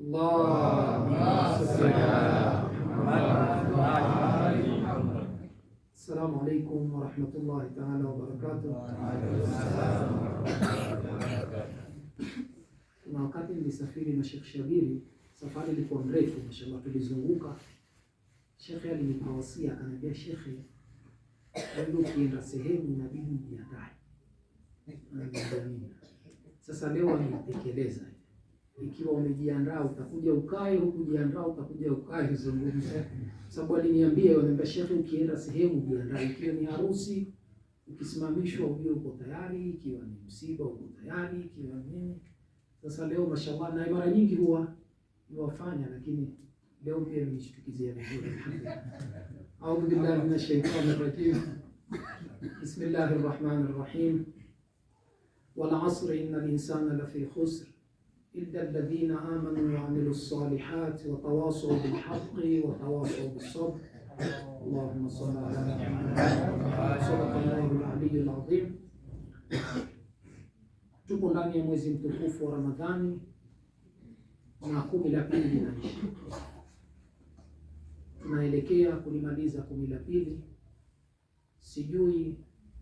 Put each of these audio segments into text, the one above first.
Assalamu alaikum warahmatullahi taala wabarakatuh. Kuna wakati nilisafiri na Sheikh Shabiri, safari ilikuwa mrefu, mashallah, tulizunguka. Shekhe alinipawasia akaniambia, shekhe, ndio ukienda sehemu inabidi ujiandae. Sasa leo ametekeleza ikiwa umejiandaa utakuja ukae, hukujiandaa utakuja ukae uzungumze. Sababu aliniambia wananiambia, shekhe, ukienda sehemu jiandae, ikiwa ni harusi ukisimamishwa ujue uko tayari, ikiwa ni msiba uko tayari, ikiwa nini. Sasa leo mashallah, na mara nyingi huwa niwafanya, lakini leo pia nimeshtukizia vizuri. Audhu billahi minash shaitani rajim bismillahir rahmanir rahim wal asri innal insana lafi khusr illa alladhina amanu wa amilu salihati wa tawasaw bil haqqi wa tawasaw bis sabr. Allahumma salli Tuko ndani ya mwezi mtukufu wa Ramadhani na kumi la pili linaisha, tunaelekea kulimaliza kumi la pili. Sijui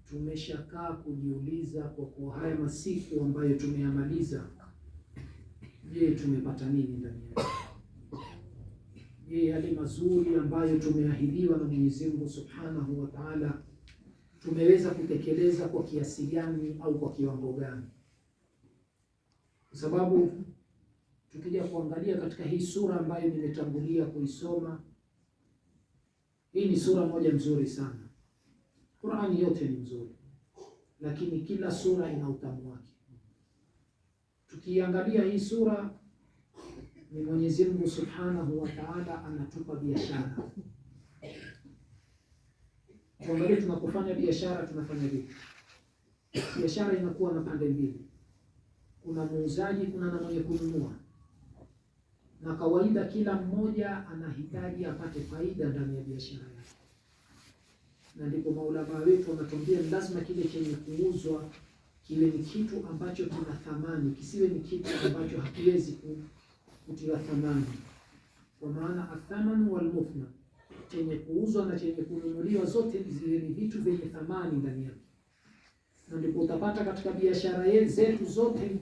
tumeshakaa kujiuliza, kwa kuwa haya masiku ambayo tumeyamaliza Je, tumepata nini ndani yake? Je, yale mazuri ambayo tumeahidiwa na Mwenyezi Mungu Subhanahu wa Ta'ala tumeweza kutekeleza kwa kiasi gani au kwa kiwango gani? Kwa sababu tukija kuangalia katika hii sura ambayo nimetangulia kuisoma, hii ni sura moja nzuri sana. Qur'ani yote ni nzuri, lakini kila sura ina utamu wake. Tukiangalia hii sura ni Mwenyezi Mungu Subhanahu wa Ta'ala anatupa biashara. Tuangalie tunapofanya biashara tunafanya vipi? Biashara inakuwa na pande mbili, kuna muuzaji, kuna na mwenye kununua, na kawaida kila mmoja anahitaji apate faida ndani ya biashara yake, na ndipo maulama wetu wanatuambia lazima kile chenye kuuzwa kiwe ni kitu ambacho kina thamani, kisiwe ni kitu ambacho hakiwezi kutiwa thamani, kwa maana athamanu walmuthna, chenye kuuzwa na chenye kununuliwa, zote ziwe ni vitu vyenye thamani ndani yake. Na ndipo utapata katika biashara zetu zote,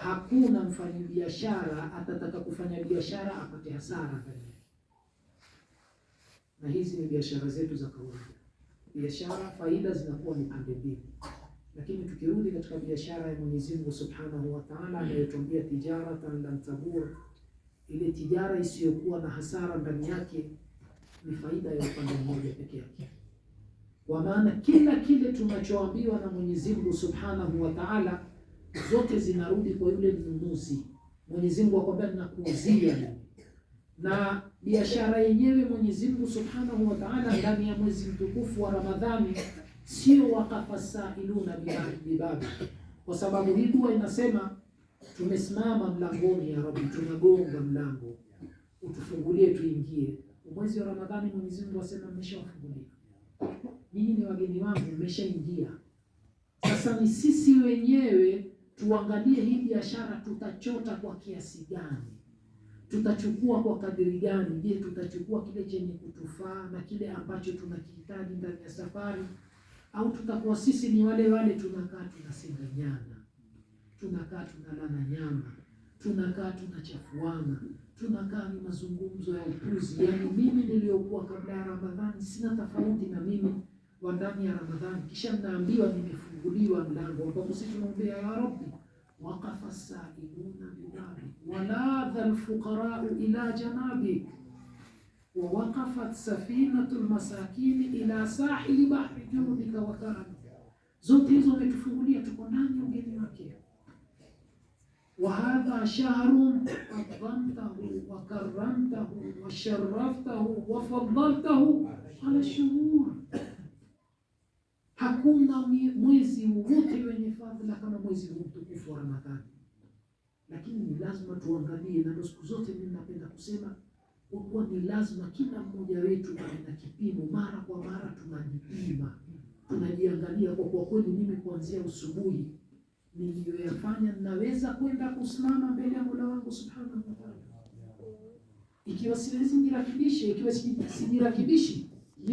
hakuna mfanyabiashara atataka kufanya biashara apate hasara ndani yake, na hizi ni biashara zetu za kawaida. Biashara faida zinakuwa ni pande mbili tukirudi katika biashara ya Mwenyezi Mungu Subhanahu wa Ta'ala mm. anayotuambia tijaratan lan tabur, ile tijara isiyokuwa na hasara ndani yake ni faida ya upande mmoja pekee yake, kwa maana kila kile tunachoambiwa na Mwenyezi Mungu Subhanahu wa Ta'ala zote zinarudi kwa yule mnunuzi. Mwenyezi Mungu akwambia nakuuzia, na biashara yenyewe Mwenyezi Mungu Subhanahu wa Ta'ala ndani ya mwezi mtukufu wa Ramadhani sio wakafasailuna bibabi, kwa sababu hii dua inasema tumesimama mlangoni, ya Rabbi, tunagonga mlango, utufungulie tuingie. Mwezi wa Ramadhani, Mwenyezi Mungu asema mmeshawafungulia nyinyi, ni wageni wangu, mmeshaingia. Sasa ni sisi wenyewe tuangalie hii biashara, tutachota kwa kiasi gani? Tutachukua kwa kadiri gani? Je, tutachukua kile chenye kutufaa na kile ambacho tunakihitaji ndani ya safari au tutakuwa sisi ni wale wale, tunakaa nyama, tunakaa tunalana nyama, tunakaa tunachafuana, tunakaa ni mazungumzo ya upuzi. Yaani mimi niliyokuwa kabla ya Ramadhani sina tofauti na mimi wa ndani ya Ramadhani, kisha naambiwa nimefunguliwa mlango ambapo sisi tunaombea ya Rabbi, waqafa saimuna biwabi wala dhal fuqarau ila janabik wawaqafat safinatu lmasakini ila sahili bahri judika wa karamika, zote hizo umetufungulia, tuko ndani ugeni wake. Wa hadha shahrun adhamtahu wa karamtahu wa sharaftahu wa faddaltahu ala shuhur, hakuna mwezi wowote wenye fadhila kama mwezi huu mtukufu wa Ramadhani. Lakini lazima tuangalie, na siku zote mimi napenda kusema kwa kuwa ni lazima kila mmoja wetu awe na kipimo. Mara kwa mara tunajipima, tunajiangalia, kwa kuwa kweli mimi kuanzia asubuhi niliyoyafanya naweza kwenda kusimama mbele ya Mola wangu subhanahu wa taala. Ikiwa nirakibishe, ikiwa sijirakibishi,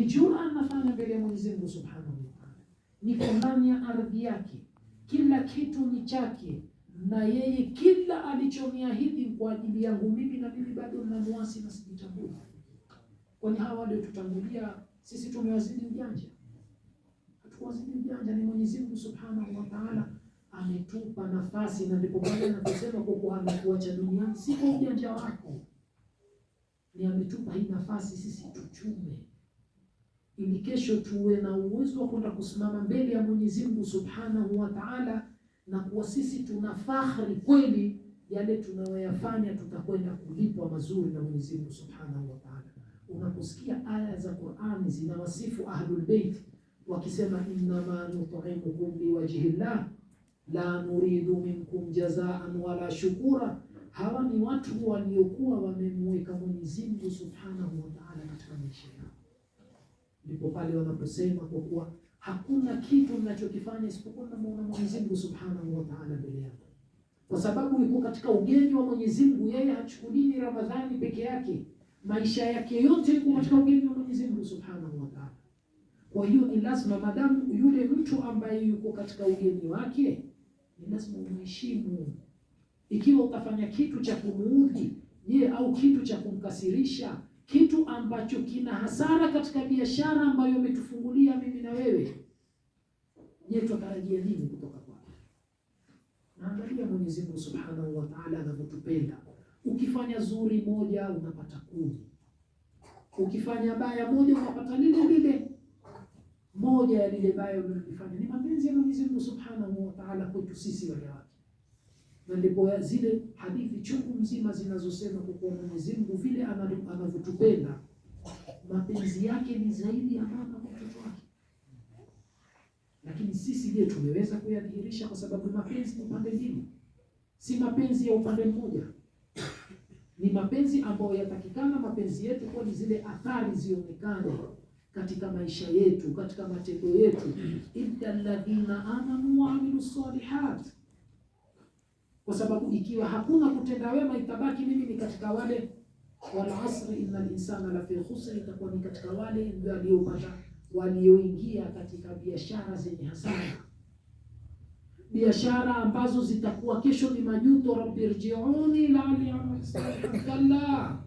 jua nafanya mbele ya Mwenyezi Mungu subhanahu wa taala, niko ndani ya ardhi yake, kila kitu ni chake na yeye kila alichoniahidi kwa ajili yangu mimi, na mimi bado namwasi na sijitambua, kwani hawa ndio tutangulia sisi. Tumewazidi ujanja? Hatukuwazidi ujanja, ni Mwenyezi Mungu Subhanahu wa Ta'ala ametupa nafasi, na ndipo pale kusema kwa kuwa amekuacha duniani si kwa ujanja wako, ni ametupa hii nafasi sisi tuchume, ili kesho tuwe na uwezo wa kwenda kusimama mbele ya Mwenyezi Mungu Subhanahu wa Ta'ala na kuwa sisi tuna fahari kweli yale tunayoyafanya tutakwenda kulipwa mazuri na Mwenyezi Mungu Subhanahu wa Ta'ala. Unaposikia aya za Qur'ani zinawasifu Ahlul Bait wakisema innama nut'imukum liwajhi la nuridu minkum jazaan wala shukura, hawa ni watu waliokuwa wamemweka Mwenyezi Mungu Subhanahu wa Ta'ala katika maisha yao, ndipo pale wanaposema kwa kuwa hakuna kitu mnachokifanya isipokuwa mnamuona Mwenyezi Mungu Subhanahu wa Ta'ala mbele yako, kwa sababu yuko katika ugeni wa Mwenyezi Mungu. Yeye hachukulini Ramadhani peke yake, maisha yake yote yuko katika ugeni wa Mwenyezi Mungu Subhanahu wa Ta'ala. Kwa hiyo ni lazima, madamu yule mtu ambaye yuko katika ugeni wake, ni lazima umheshimu. Ikiwa utafanya kitu cha kumuudhi je, au kitu cha kumkasirisha kitu ambacho kina hasara katika biashara ambayo umetufungulia mimi na wewe, je, tutarajia nini kutoka kwake? Naangalia Mwenyezi Mungu Subhanahu wa Ta'ala anavyotupenda. Ukifanya zuri moja unapata kumi, ukifanya baya moja unapata lile lile. Moja ya lile baya unalofanya ni mapenzi ya Mwenyezi Mungu Subhanahu wa Ta'ala kwetu sisi wale na ndipo zile hadithi chungu mzima zinazosema kwa Mwenyezi Mungu vile anavyotupenda, mapenzi yake ni zaidi ya mama kwa mtoto wake. Lakini sisi je, tumeweza kuyadhihirisha? Kwa sababu mapenzi ni pande mbili, si mapenzi ya upande mmoja. Ni mapenzi ambayo yatakikana mapenzi yetu kwa ni zile athari zionekane katika maisha yetu, katika matendo yetu. illa alladhina amanu wa amilu salihat kwa sababu ikiwa hakuna kutenda wema, itabaki mimi ni katika wale wal asri linsana insana lafi khusr, itakuwa ni katika wale waliopata walioingia katika biashara zenye hasara, biashara ambazo zitakuwa kesho ni majuto. rabbi rji'uni la'alli kalla,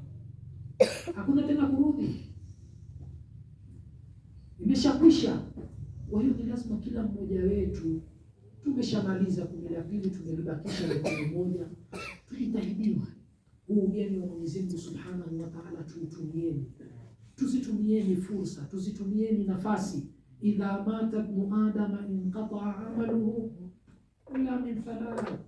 hakuna tena kurudi, imeshakwisha. Kwa hiyo ni lazima kila mmoja wetu tumeshamaliza daraja la pili tumelibakisha mkono mmoja, tujitahidiwa huu ugeni wa Mwenyezi Mungu Subhanahu wa Ta'ala, tuutumieni, tuzitumieni fursa, tuzitumieni nafasi. idha mata ibnu adama inqataa amaluhu ila min thalatha,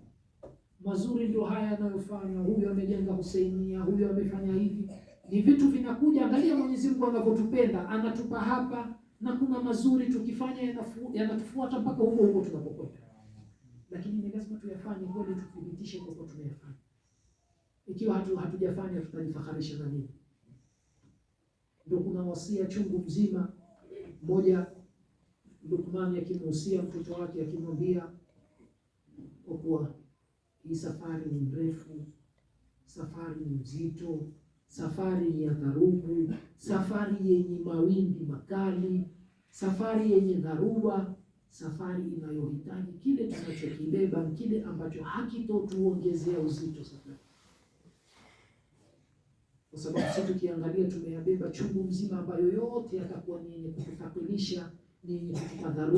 Mazuri ndio haya yanayofanywa huyu, amejenga husainia, huyu amefanya hivi, ni vitu vinakuja. Angalia Mwenyezi Mungu anavyotupenda, anatupa hapa na kuna mazuri tukifanya yanatufuata mpaka huko huko tunapokwenda lakini ni lazima tuyafanye kweli, tuthibitishe kwamba tumeyafanya. Ikiwa hatu hatujafanya tutajifakhirisha na nini? Ndio kuna wasia chungu mzima. Mmoja Lukmani akimhusia mtoto wake akimwambia, kwa kuwa hii safari ni mrefu, safari ni mzito, safari ya dharubu, safari yenye mawimbi makali, safari yenye dharuba safari inayohitaji kile tunachokibeba, kile ambacho hakitotuongezea uzito safari, kwa sababu sisi tukiangalia tumeyabeba chungu mzima ambayo yote yatakuwa ni yenye kututapilisha, ni yenye kutupa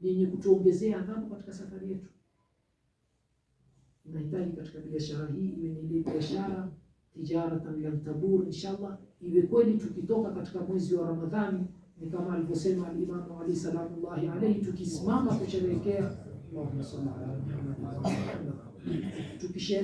ni yenye kutuongezea adhabu katika safari yetu. Nahitaji katika biashara hii iwe ni ile biashara tijaratan lan tabur, inshallah iwe kweli tukitoka katika mwezi wa Ramadhani ni kama alivyosema Alimamu Ali salamullahi alayhi, tukisimama kusherehekea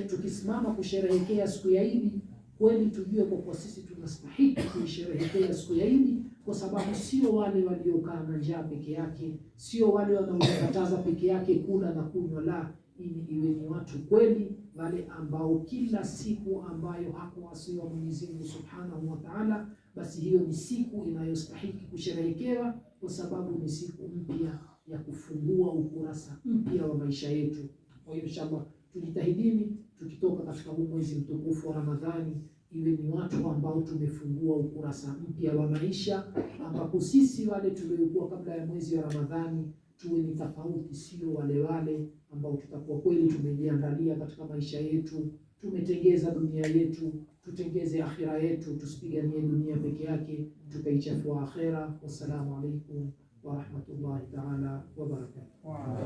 tukisimama kusherehekea siku ya Idi, kweli tujue kwa kuwa sisi tunastahiki kuisherehekea siku ya Idi, kwa sababu sio wale waliokaa na njaa peke yake, sio wale wanaokataza peke yake kula na kunywa, la ili iwe ni watu kweli wale ambao kila siku ambayo hakuwasiwa Mwenyezi Mungu Subhanahu wa Ta'ala basi hiyo ni siku inayostahiki kusherehekewa, kwa sababu ni siku mpya ya kufungua ukurasa mpya wa maisha yetu. Kwa hiyo inshallah, tujitahidini tukitoka katika huu mwezi mtukufu wa Ramadhani iwe ni watu ambao tumefungua ukurasa mpya wa maisha, ambapo sisi wale tuliokuwa kabla ya mwezi wa Ramadhani tuwe ni tofauti, sio wale wale ambao tutakuwa kweli tumejiangalia katika maisha yetu tumetengeza dunia yetu, tutengeze akhira yetu, tusipiganie dunia peke yake tukaichafua akhira. Wassalamu alaikum warahmatullahi taala wabarakatuh.